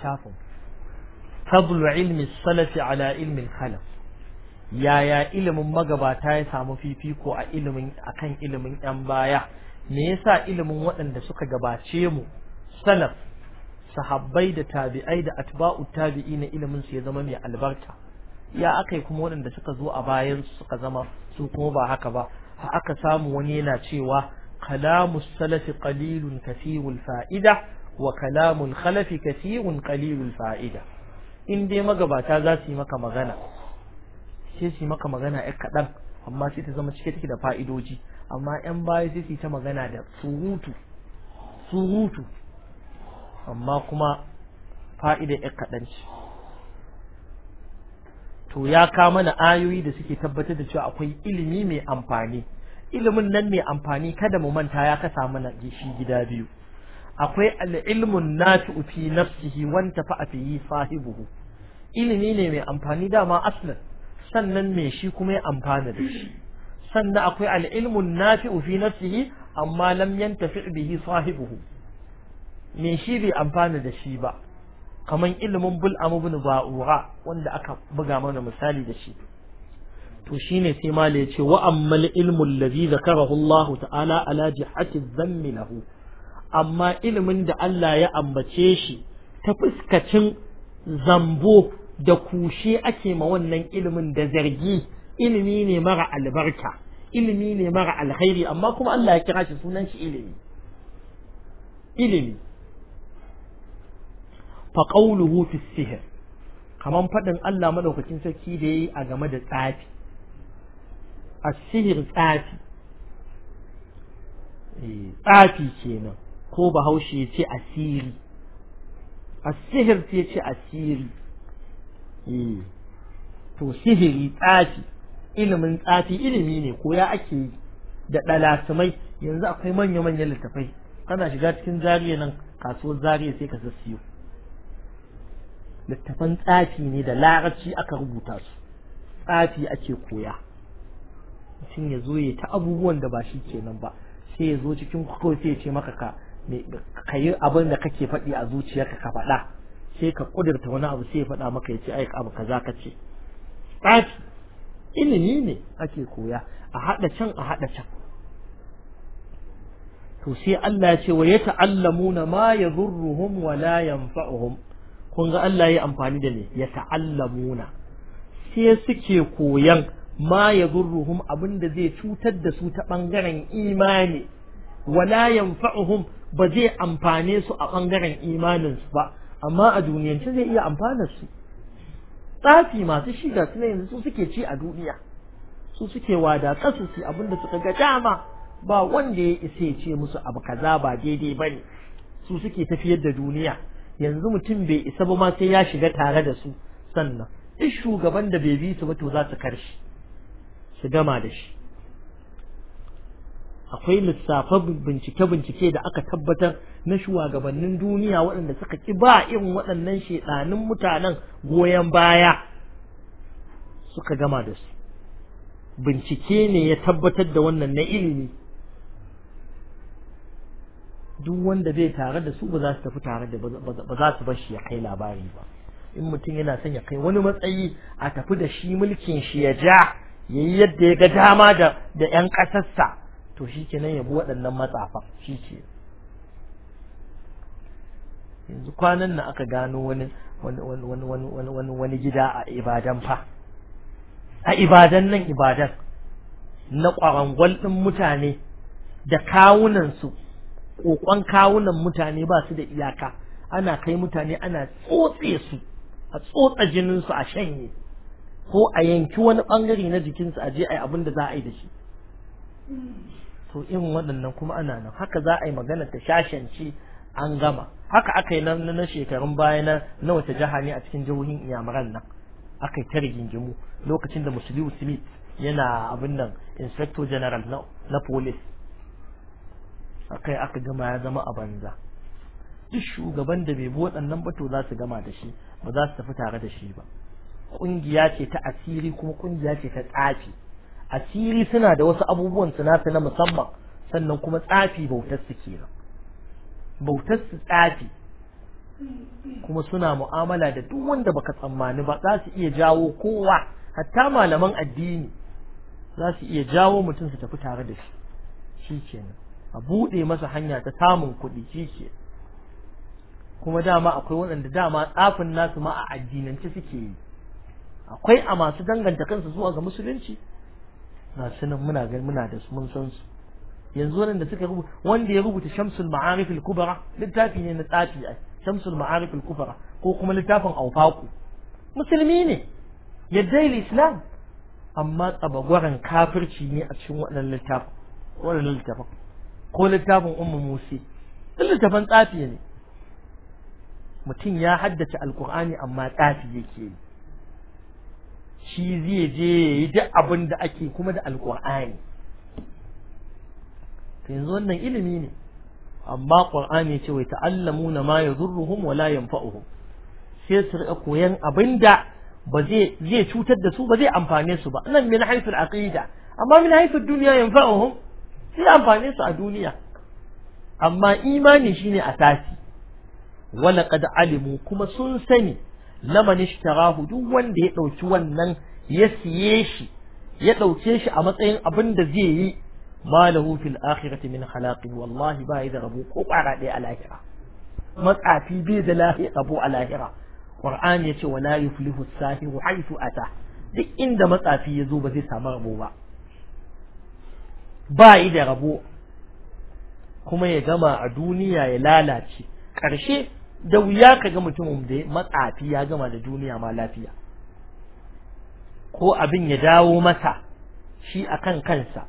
littafin fadlu ilmi salafi ala ilmin khalaf yaya ilimin magabata ya samu fifiko a ilimin akan ilimin yan baya me yasa ilimin waɗanda suka gabace mu salaf sahabbai da tabi'ai da atba'u tabi'i na ilimin su ya zama mai albarka ya akai kuma waɗanda suka zo a bayan suka zama su kuma ba haka ba aka samu wani yana cewa kalamu salafi qalilun kathirul fa'ida wa kalamun khalafi kasirun qalilul fa'ida in dai magabata za su yi maka magana sai su yi maka magana ɗan kaɗan amma sai ta zama cike take da fa'idoji amma ‘yan baya sai su yi ta magana da surutu surutu amma kuma fa'ida ɗan kaɗan ce to ya ka mana ayoyi da suke tabbatar da cewa akwai ilimi mai amfani ilimin nan mai amfani kada mu manta ya kasa mana gishi gida biyu akwai al'ilmun na fi nafsihi wanta fa yi sahibuhu ilimi ne mai amfani dama aslan sannan mai shi kuma ya amfana da shi sannan akwai al'ilmun na fi nafsihi amma lam yantafi bihi sahibuhu mai shi bai amfana da shi ba Kamar ilimin bul amubun ba'ura wanda aka buga mana misali da shi to shine sai mala yace wa ammal ilmul ladhi zakarahu Allah ta'ala ala jihati dhammi lahu amma ilimin da Allah ya ambace shi ta fuskacin zambo da kushe ake ma wannan ilimin da zargi ilimi ne mara albarka ilimi ne mara alkhairi amma kuma Allah ya kira shi sunan shi ilimi ilimi fa qawluhu fi sihr kaman fadin Allah madaukakin sarki da yayi a game da tsafi as-sihr tsafi eh, tsafi kenan ko bahaushe ya ce asiri asihir sai ya ce asiri eh. to sihiri tsafi ilimin tsafi ilimi ne ko ya ake da ɗalatumai yanzu akwai manya-manyan littafai kana shiga cikin zariya nan kasuwar zariya sai ka sassiyo littafan tsafi ne da larabci aka rubuta su tsafi ake koya mutum ya zo ya ta abubuwan da ba shi kenan ba sai ya zo cikin kuka sai ya ce maka ka ka yi abin da kake faɗi a zuciyarka ka faɗa sai ka ƙudurta wani abu sai ya faɗa maka ya ce aiki abu kaza ka ce ɗaki ilimi ne ake koya a haɗa can a haɗa can to sai Allah ya ce wa yata'allamuna ma yadhurruhum wa la yanfa'uhum kun ga Allah ya amfani da me ta'allamuna sai suke koyan ma abin abinda zai cutar da su ta bangaren imani wa la yanfa'uhum ba zai amfane su a ɓangaren imaninsu ba amma a duniyance zai iya amfana su tsafi masu shiga suna yanzu su suke ci a duniya su suke wada kasu su da suka ga dama ba wanda ya isa ya ce musu abu kaza ba daidai ba ne su suke tafiyar da duniya yanzu mutum bai isa ba ma sai ya shiga tare da su sannan duk shugaban da bai bi su ba to za su karshi su gama da shi akwai lissafan bincike-bincike da aka tabbatar na shugabannin duniya waɗanda suka ki ba irin waɗannan shaidanin mutanen goyon baya suka gama da su bincike ne ya tabbatar da wannan na ilimi duk wanda zai tare da su ba za su tafi tare da ba za su bashi ya kai labari ba in mutum yana son ya kai wani matsayi a tafi da shi mulkin shi ya ja yayi yadda ya ga dama da da ƴan ƙasarsa to shi kenan ya bi waɗannan matsafa shi ke yanzu kwanan na aka gano wani wani gida a ibadan fa a ibadan nan ibadan na ƙwarangwal ɗin mutane da kawunansu ƙoƙon kawunan mutane ba su da iyaka ana kai mutane ana tsotse su a tsotsa jininsu a shanye ko a yanki wani ɓangare na jikinsu a je a yi abin da za a yi da shi to irin waɗannan kuma ana nan haka za a yi magana ta shashanci an gama haka aka yi nan na shekarun baya na na wata jiha ne a cikin jihohin iyamuran nan aka yi ta rigingimu lokacin da musulmi smith yana abin nan inspector general na police yi aka gama ya zama a banza duk shugaban da bai bi waɗannan ba to za su gama da shi ba za su tafi tare da shi ba ƙungiya ce ta asiri kuma ƙungiya ce ta tsafi asiri suna da wasu abubuwan su nasu na musamman sannan kuma tsafi bautar su kenan bautar su tsafi kuma suna mu'amala da duk wanda baka tsammani ba za su iya jawo kowa hatta malaman addini za su iya jawo mutum su tafi tare da shi shi a buɗe masa hanya ta samun kuɗi shi ke kuma dama akwai waɗanda dama tsafin nasu ma a addinance suke yi akwai a masu danganta kansu zuwa ga musulunci ga su nan muna muna da su mun san su yanzu nan da suka rubuta wanda ya rubuta Shamsul Ma'arif al-Kubra littafi ne na tsafi ai Shamsul Ma'arif al-Kubra ko kuma littafin awfaku musulmi ne yaddai islam amma tsabagwaran kafirci ne a cikin waɗannan littafin waɗannan littafin ko littafin ummu musi duk littafin tsafi ne mutum ya haddace alkur'ani amma tsafi yake yi shi zai je yi duk abin da ake kuma da alƙur'ani to yanzu wannan ilimi ne amma ƙur'ani ce wai ta'allamu na ma ya zurruhum wala yanfa'uhum sai su riƙa koyan abin da ba zai zai cutar da su ba zai amfane su ba nan min haifin aqida amma min haifar duniya yanfa'uhum sai amfane su a duniya amma imani shine asasi wala qad alimu kuma sun sani laman ishtarahu duk wanda ya dauki wannan ya siye shi ya dauke shi a matsayin abin da zai yi malahu fil akhirati min khalaqin wallahi ba da rabu ko kwara ɗaya a lahira matsafi bai da lahi rabu a lahira qur'ani yace wala yuflihu sahihu haythu ata duk inda matsafi ya zo ba zai samu rabo ba ba yi da rabo kuma ya gama a duniya ya lalace ƙarshe da wuya ka ga mutumin da matsafi ya gama da duniya ma lafiya ko abin ya dawo masa shi akan kansa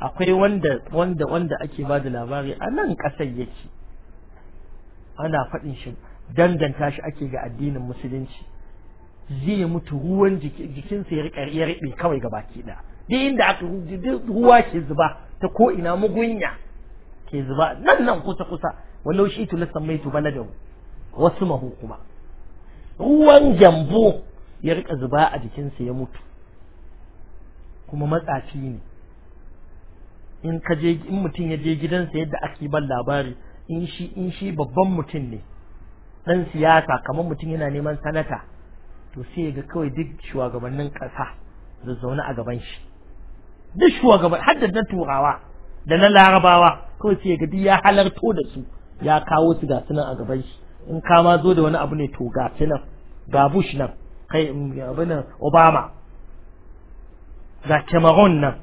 akwai wanda wanda ake ba da labari a nan ƙasar yake ana faɗin shi danganta shi ake ga addinin musulunci zai mutu ruwan jikinsa ya riƙa ya riɓe kawai ga baki ɗaya duk inda aka ruwa ke zuba ta ko ina mugunya ke zuba nan nan kusa kusa wallo shi tula sammaitu baladahu wasu mahu kuma ruwan jambo ya rika zuba a jikinsa ya mutu kuma matsafi ne in ka je in mutum ya je gidansa yadda ake ban labari in shi in shi babban mutum ne dan siyasa kamar mutum yana neman sanata to sai ya ga kawai duk shugabannin kasa zauna a gaban shi duk shugaban na turawa da na larabawa kawai sai ga duk ya halarto da su ya kawo su ga sunan a gaban shi in ka ma zo da wani abu ne to ga sunan ga bush nan kai mm, abin obama ga cameron nan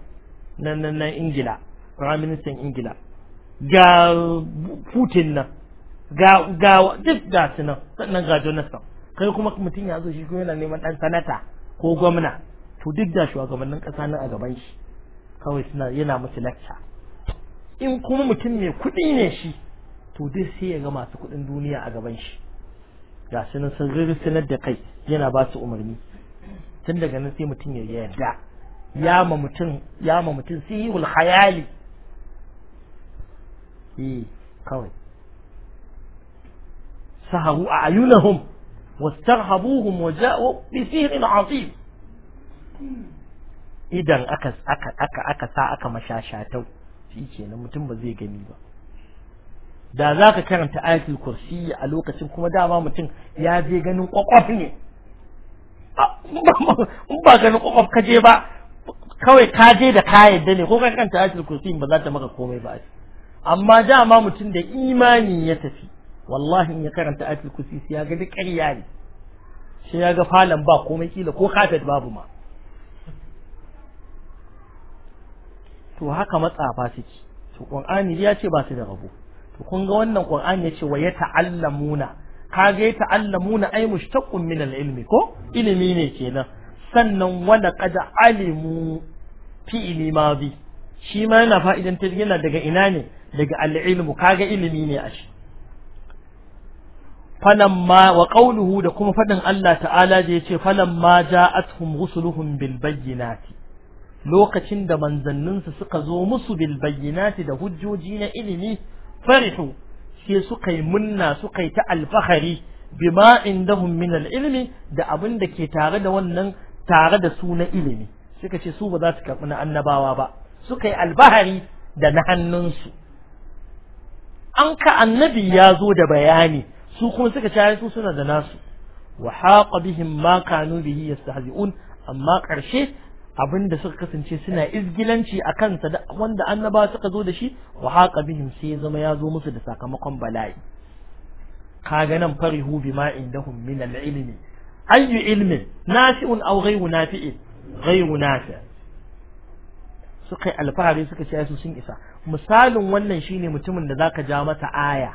nan nan ingila prime minister ingila ga putin nan ga ga duk ga sunan sannan ga jonathan kai kuma mutum ya zo shi kuma yana neman dan sanata ko gwamna to duk da shugabannin kasa nan a gaban shi kawai suna yana musu lecture in kuma mutum mai kuɗi ne shi to duk sai ya ga masu kuɗin duniya a gaban shi ga su nan sun sanar da kai yana ba su umarni tun daga nan sai mutum ya yarda ya ma mutum ya ma mutum sihirul hayali eh kawai saharu a ayunahum wastarhabuhum ja'u bi sihrin azim idan aka aka aka aka sa aka mashashatau kursi kenan mutum ba zai gani ba da za ka karanta ayatul kursi a lokacin kuma dama mutum ya je ganin kwakwaf ne in ba ganin kwakwaf ka je ba kawai ka je da ka yadda ne ko ka karanta ayatul kursi ba za ta maka komai ba amma dama mutum da imani ya tafi wallahi in ya karanta ayatul kursi ya ga duk ƙarya ne sai ya ga falon ba komai kila ko kafet babu ma to haka matsafa suke to qur'ani ya ce ba su da rabo to kun ga wannan qur'ani ya ce wa yata'allamuna kaga yata'allamuna ay mushtaqqun min al-ilmi ko ilimi ne kenan sannan wa laqad alimu fi madi shi ma yana fa'idan yana daga ina ne daga al-ilmu kaga ilimi ne a shi falamma wa qawluhu da kuma fadin Allah ta'ala da yace falamma ja'atuhum rusuluhum bil bayyinati lokacin da manzanninsu suka zo musu bil bayyinati da hujjoji na ilimi farihu sai suka yi munna suka yi ta alfahari bima indahum min ilimi ilmi da abin da ke tare da wannan tare da su na ilimi suka ce su ba za su karɓi na annabawa ba suka yi albahari da na hannunsu an ka annabi ya zo da bayani su kuma suka ce su suna da nasu wa haqa bihim ma kanu bihi yastahzi'un amma ƙarshe abinda suka kasance suna izgilanci a kansa da wanda annaba suka zo da shi wa haqa bihim sai ya zama ya zo musu da sakamakon bala'i kaga nan farihu bima indahum min al-ilmi ayyu ilmin nafi'un aw ghayru nafi'in ghayru nafi' suka yi alfahari suka ce su sun isa misalin wannan shine mutumin da zaka ja mata aya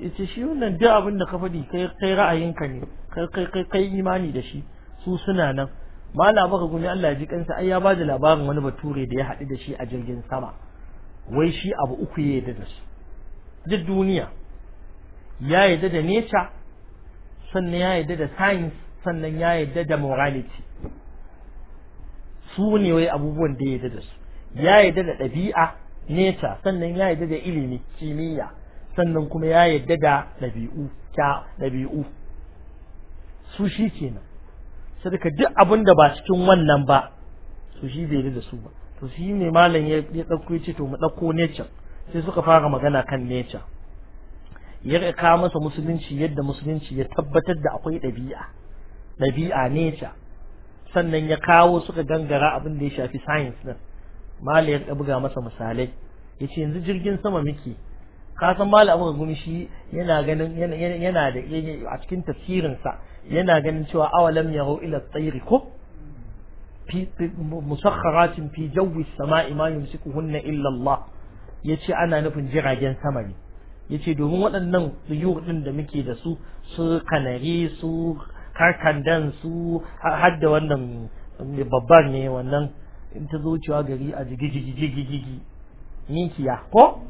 Ita shi wannan duk abin da ka faɗi kai kai ra'ayinka ne kai kai kai imani da shi su suna nan malam baka gumi Allah ji kansa ai ya ba da labarin wani bature da ya haɗu da shi a jirgin sama wai shi abu uku ya yi da shi duk duniya ya yi da nature sannan ya yi da science sannan ya yi da morality su ne wai abubuwan da ya yi da su ya yi da ɗabi'a nature sannan ya yi da ilimi kimiyya sannan kuma ya yi da ɗabi'u ɗabi'u su shi kenan ka duk abin da ba cikin wannan ba to shi bai da su ba to shi ne malam ya ɗauko ce to mu ɗauko nature sai suka fara magana kan nature ya rika masa musulunci yadda musulunci ya tabbatar da akwai ɗabi'a ɗabi'a nature sannan ya kawo suka gangara abin da ya shafi science din malam ya buga masa misalai yace yanzu jirgin sama muke ka san malam abu gumi yana ganin yana da a cikin tafsirin sa yana ganin cewa awalam yarau ila tsayri ko fi musakharatin fi jawi samai ma yumsikuhunna illa Allah yace ana nufin jiragen sama ne yace domin waɗannan tsuyur din da muke da su su kanare su karkandan su hadda wannan babban ne wannan in ta zo cewa gari a ninki ninkiya ko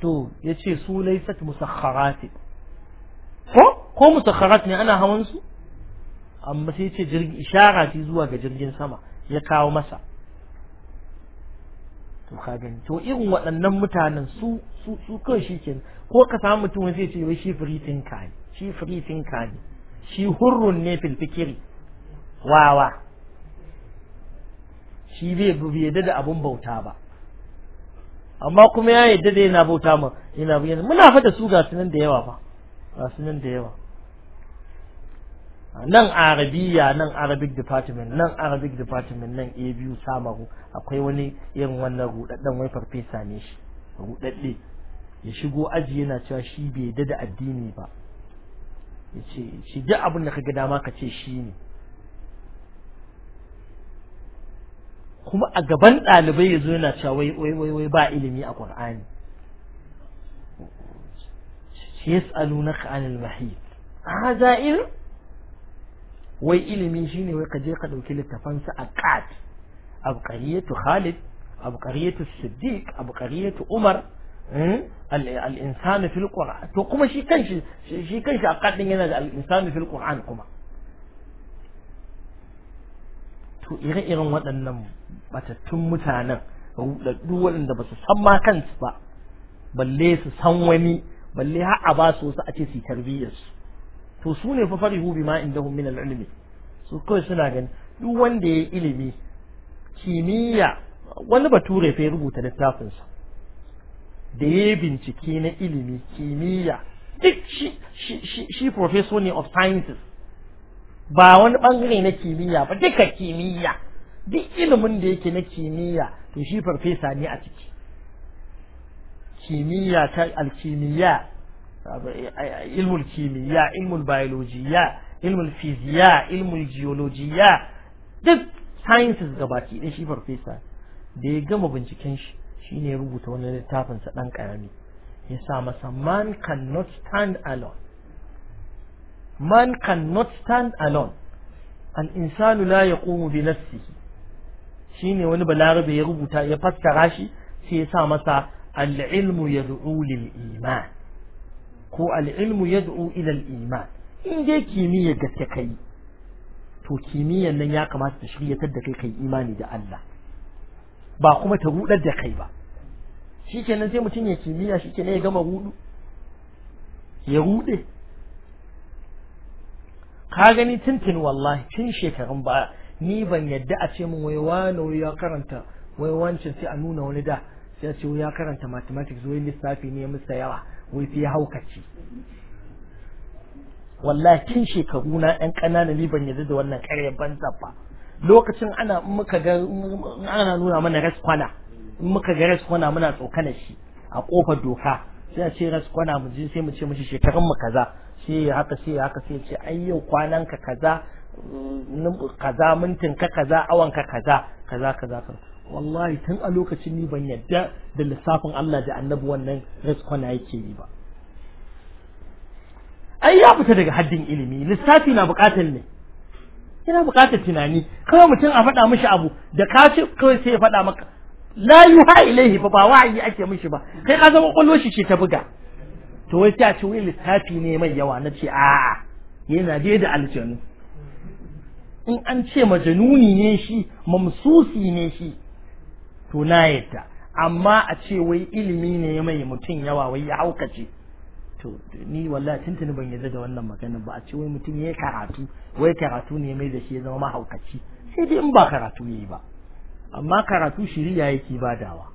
to ya ce su laisat musakharati ko ko musakharat ne ana hawan su amma sai ce jirgi ishara ce zuwa ga jirgin sama ya kawo masa to ka gani to irin waɗannan mutanen su su su shi ke ko ka samu mutum sai ce wai shi free thinker ne shi free thinker ne shi hurrun ne fil fikiri wawa shi bai bai da abun bauta ba amma kuma ya yadda da yana bauta ma yana bayyana muna fata su ga sunan da yawa ba ga sunan da yawa nan arabiya nan arabic department nan arabic department nan a biyu samaru akwai wani irin wannan rudaddan wai farfesa ne shi rudadde ya shigo aji yana cewa shi bai dada da addini ba ya ce shi duk abin da kaga dama ka ce shi ne kuma a gaban dalibai ya zo yana cewa wai wai wai ba ilimi a Qur'ani shi yas'alunaka anil mahid haza ilm wai ilimi shine wai kaje ka dauki littafan sa aqat abqariyatu khalid abqariyatu siddiq abqariyatu umar al-insanu fil qur'an to kuma shi kanshi shi kanshi aqat din yana da al-insanu fil qur'an kuma to ire-iren waɗannan batattun mutanen rudaddu waɗanda ba su san ma kansu ba balle su san wani balle har a ba su wasu a ce su tarbiyyar su to su ne fa farihu ma inda min minal ilmi su kawai suna gani duk wanda ya ilimi kimiyya wani bature fa ya rubuta littafin sa da ya bincike na ilimi kimiyya duk shi shi shi professor ne of sciences ba wani bangare na kimiyya ba duka kimiyya duk ilimin da yake na kimiyya to shi farfesa ne a ciki kimiyya ta alkimiyya ilmul kimiyya ilmul biologiya ilmul fiziya ilmul geologiya duk sciences gabaki ɗin shi farfesa da ya gama binciken shi shi ne rubuta wani littafinsa ɗan ƙarami ya sa masa man cannot stand alone man not stand alone al-insanu la yaqumu bi nafsihi shine wani balarabe ya rubuta ya fassara shi sai ya sa masa al-ilmu yad'u lil iman ko al-ilmu yad'u ila al-iman in dai kimiyya gaske kai to kimiyyan nan ya kamata ta shiryatar da kai kai imani da Allah ba kuma ta rudar da kai ba shikenan sai mutum ya kimiyya shikenan ya gama rudu ya rude ka gani tintin wallahi tun shekarun baya ni ban yadda a ce min wai wani ya karanta wai sai a nuna wani da sai a ce ya karanta mathematics wai lissafi ne musa yawa wai sai ya haukace wallahi tun shekaru na ɗan ƙanana ni ban yadda da wannan ƙarya ban ba lokacin ana muka ga ana nuna mana raskwana in muka ga raskwana muna tsokana shi a kofar doka sai a ce raskwana mu je sai mu ce mishi shekarun mu kaza shi ya haka shi haka sai ce ai yau kwanan ka kaza kaza mintin ka kaza awan ka kaza kaza kaza wallahi tun a lokacin ni ban yadda da lissafin Allah da annabi wannan rizqana yake yi ba ai ya fita daga haddin ilimi lissafi na bukatar ne yana bukatar tunani kawai mutum a faɗa mishi abu da ka kawai sai ya faɗa maka la yuha ilaihi ba ba wa'ayi ake mishi ba kai ka zama kwallo shi ce ta buga to wai sai a ce wai lissafi ne mai yawa na ce a'a yana naje da aljanu in an ce majanuni ne shi mamsusi ne shi to na yadda amma a ce wai ilimi ne mai mutum yawa wai ya haukace to ni wallahi tuntuni ban yarda da wannan magana ba a ce wai mutum ya karatu wai karatu ne mai da shi ya zama mahaukaci sai dai in ba karatu yayi ba amma karatu shiriya yake badawa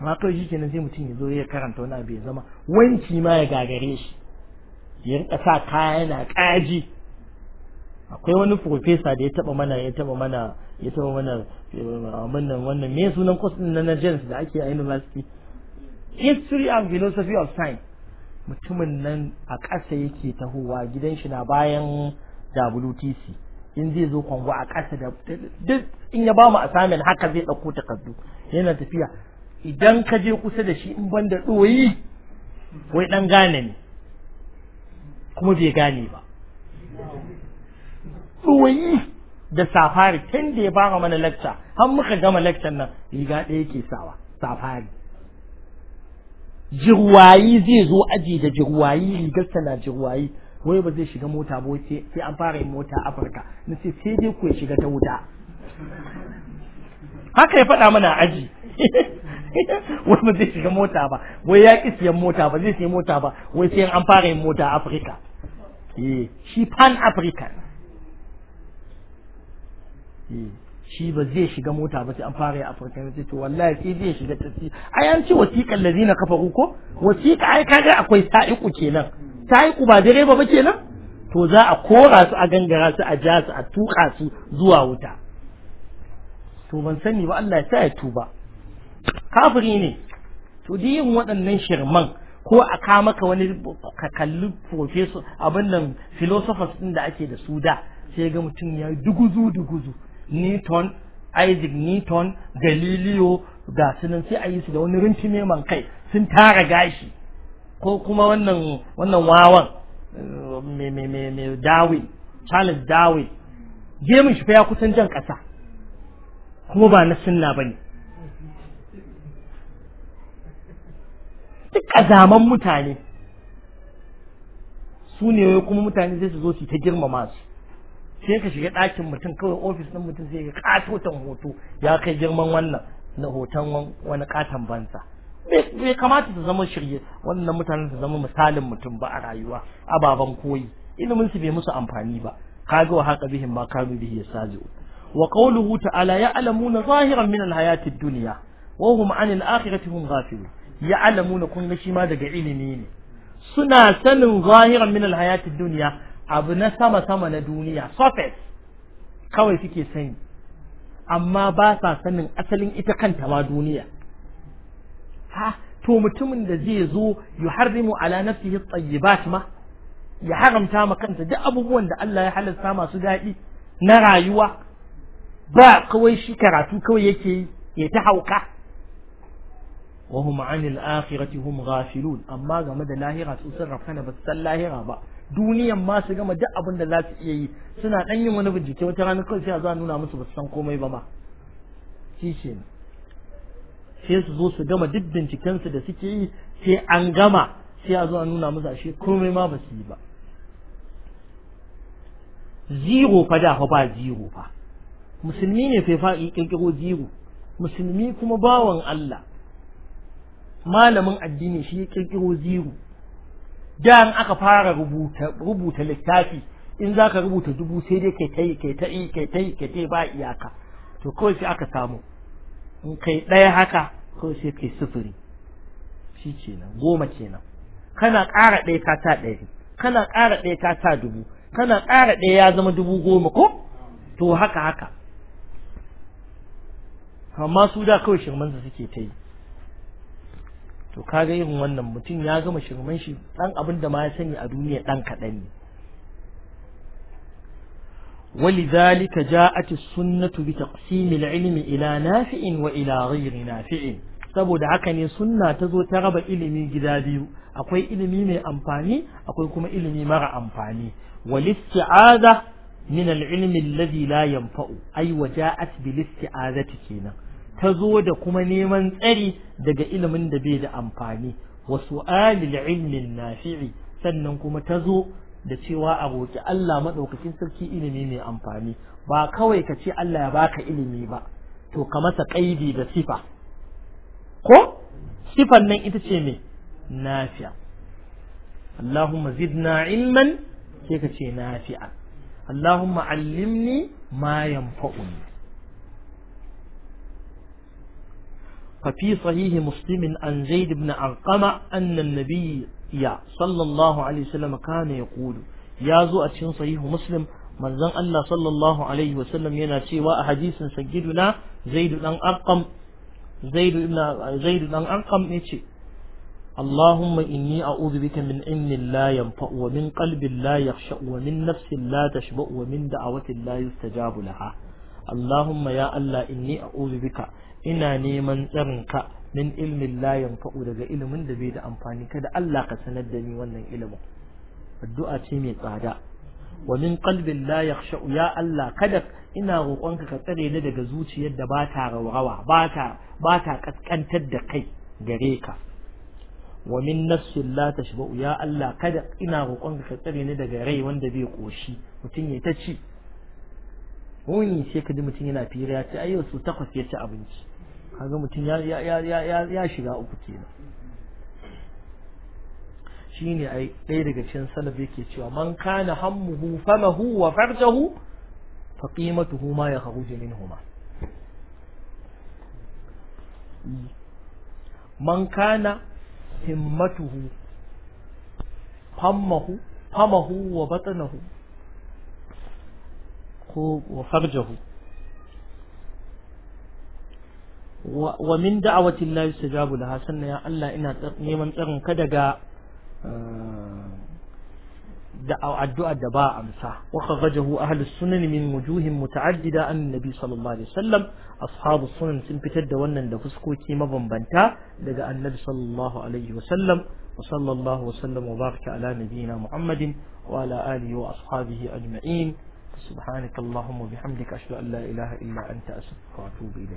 amma kawai shi kenan sai mutum ya zo ya karanta wani abu ya zama wanki ma ya gagare shi ya rika sa kaya yana kaji akwai wani profesa da ya taba mana ya taba mana ya taba mana wannan eh, wannan me sunan course din na jens da ake a university history and philosophy of science mutumin nan a ƙasa yake tahowa gidan shi na bayan WTC in zai zo kwango a ƙasa da in ya ba mu assignment haka zai ɗauko takardu yana tafiya idan ka je kusa da shi in ban da ɗoyi wai ɗan gane ne kuma bai gane ba ɗoyi da safari tun da ya fara mana lacca har muka gama laccan nan riga ɗaya ke sawa safari jirwayi zai zo aji da jirwayi rigarsa na jirwayi wai ba zai shiga mota ba sai an fara yin mota afirka na ce sai dai ku ya shiga ta wuta haka ya faɗa mana aji wai ba zai shiga mota ba wai ya ƙi siyan mota ba zai siya mota ba wai sai an fara yin mota a Afirka eh shi pan African eh, shi ba zai shiga mota ba sai an fara yin Afirka ce to wallahi sai zai shiga tafi ai an ce wasiqal ladina kafa ko Wasiƙa ai kaga akwai sa'iku kenan Sa'iku ba direba ba kenan to za a kora su a gangara su a ja su a tuka su zuwa wuta to ban sani ba Allah ya sa ya tuba kafiri ne to yin waɗannan shirman ko a ka maka wani ka kalli professor abin nan philosophers din da ake da su da sai ga mutum ya duguzu duguzu Newton Isaac Newton Galileo ga su sai a yi su da wani rintime man kai sun tara gashi ko kuma wannan wannan wawan me me me me Darwin Charles Darwin gemin shi fa ya kusan jan kasa kuma ba na sunna ne. duk ƙazaman mutane su ne kuma mutane zai su zo su ta girmama su sai ka shiga ɗakin mutum kawai ofis ɗin mutum sai ka katotan hoto ya kai girman wannan na hoton wani katon banza bai kamata su zama shirye wannan mutane su zama misalin mutum ba a rayuwa ababen koyi iliminsu bai musu amfani ba kaga wa haka bihin ma kanu bihi yasazu wa qawluhu ta'ala ya'lamuna zahiran min al-hayati ad-dunya wa hum 'an akhirati hum ghafilun ya alamu na kun shi ma daga ilimi ne suna sanin zahiran min alhayatid duniya abu na sama sama na duniya surface kawai suke sani amma ba sa sanin asalin ita kanta ma duniya ha to mutumin da zai zo yuharrimu ala nafsihi at-tayyibat ma ya haramta ma kanta duk abubuwan da Allah ya halasta masu daɗi na rayuwa ba kawai shi karatu kawai yake ya ta hauka hum عن akhirati hum غافلون amma game da lahira su sun rafkana ba san lahira ba duniyan ma su gama duk abin da za su iya yi suna dan yin wani bincike wata ranar kawai sai za nuna musu ba san komai ba ma shi sai su zo su gama duk binciken su da suke yi sai an gama sai a zo a nuna musu ashe komai ma ba su yi ba zero fa da ba zero fa musulmi ne fa ya kirkiro zero musulmi kuma bawan Allah malamin addini shi ya kirkiro zero da an aka fara rubuta rubuta littafi in zaka rubuta dubu sai dai kai tai kai tai kai tai kai tai ba iyaka to kawai sai aka samu in kai ɗaya haka kawai sai kai sufuri shi kenan goma kenan kana ƙara ɗaya ka sa ɗari kana ƙara ɗaya ka sa dubu kana ƙara ɗaya ya zama dubu goma ko to haka haka amma su da kawai da suke ta yi to kaga irin wannan mutum ya gama shirman shi dan abin da ma ya sani a duniya dan kaɗan ne ولذلك جاءت السنة بتقسيم العلم إلى نافع وإلى غير نافع saboda haka ne sunna ta zo ta raba ilimi gida biyu akwai ilimi mai amfani akwai kuma ilimi mara amfani walisti'aza min al-ilmi alladhi la yanfa'u ay waja'at bil isti'azati kenan ta zo da kuma neman tsari daga ilimin da bai da amfani wa su'alil ilmin nafi'i sannan kuma ta zo da cewa aboki, roƙi Allah maɗaukakin sarki ilimi mai amfani ba kawai ka ce Allah ya baka ilimi ba to ka masa ƙaidi da sifa ko sifan nan ita ce me nafi'a Allahumma zidna ilman sai ka ce nafi'a Allahumma allimni ma yanfa'uni ففي صحيح مسلم عن زيد بن أرقم أن النبي صلى الله عليه وسلم كان يقول يا زو أتشن صحيح مسلم من زن الله صلى الله عليه وسلم يناتي وأحاديث سجدنا زيد بن أرقم زيد بن زيد بن أرقم نتي اللهم إني أعوذ بك من علم لا ينفع ومن قلب لا يخشع ومن نفس لا تشبع ومن دعوة لا يستجاب لها اللهم يا الله إني أعوذ بك ina neman tsarinka min ilmin layin yanfa'u daga ilimin da bai da amfani kada Allah ka sanar da ni wannan ilimin addu'a ce mai tsada wa min qalbin la sha'u ya Allah kada ina roƙonka ka tsare ni daga zuciyar da ba ta raurawa ba ta ba da kai gare ka wa min nafsin la tashba'u ya Allah kada ina roƙonka ka tsare ni daga rai wanda bai ƙoshi mutum ya ta ci wani sai ka ji mutum yana fira ya ce ayyau su takwas ya ci abinci kaga mutum ya ya ya ya shiga uku kenan shine ai ɗaya daga cikin salaf yake cewa man kana hammuhu famahu wa farjahu fa qimatuhu ma yakhruju minhuma man kana himmatuhu hammahu famahu wa batnahu ko wa farjahu wa min da'awatin lahi sujabu da hasan na ya Allah ina neman tsarin ka daga eh, addu’a da ba amsa wa ka gaja hu ahalus sunan min wujuhin muta'addida an sallallahu alaihi wasallam ashabu sunan sun fitar da wannan da fuskoki mabambanta daga annabi sallallahu alaihi wasallam wa sallallahu wasallam wa baraka ala nabiyina muhammadin wa ala alihi wa ashabihi ajma'in subhanaka allahumma bihamdika ashhadu an la ilaha illa anta astaghfiruka wa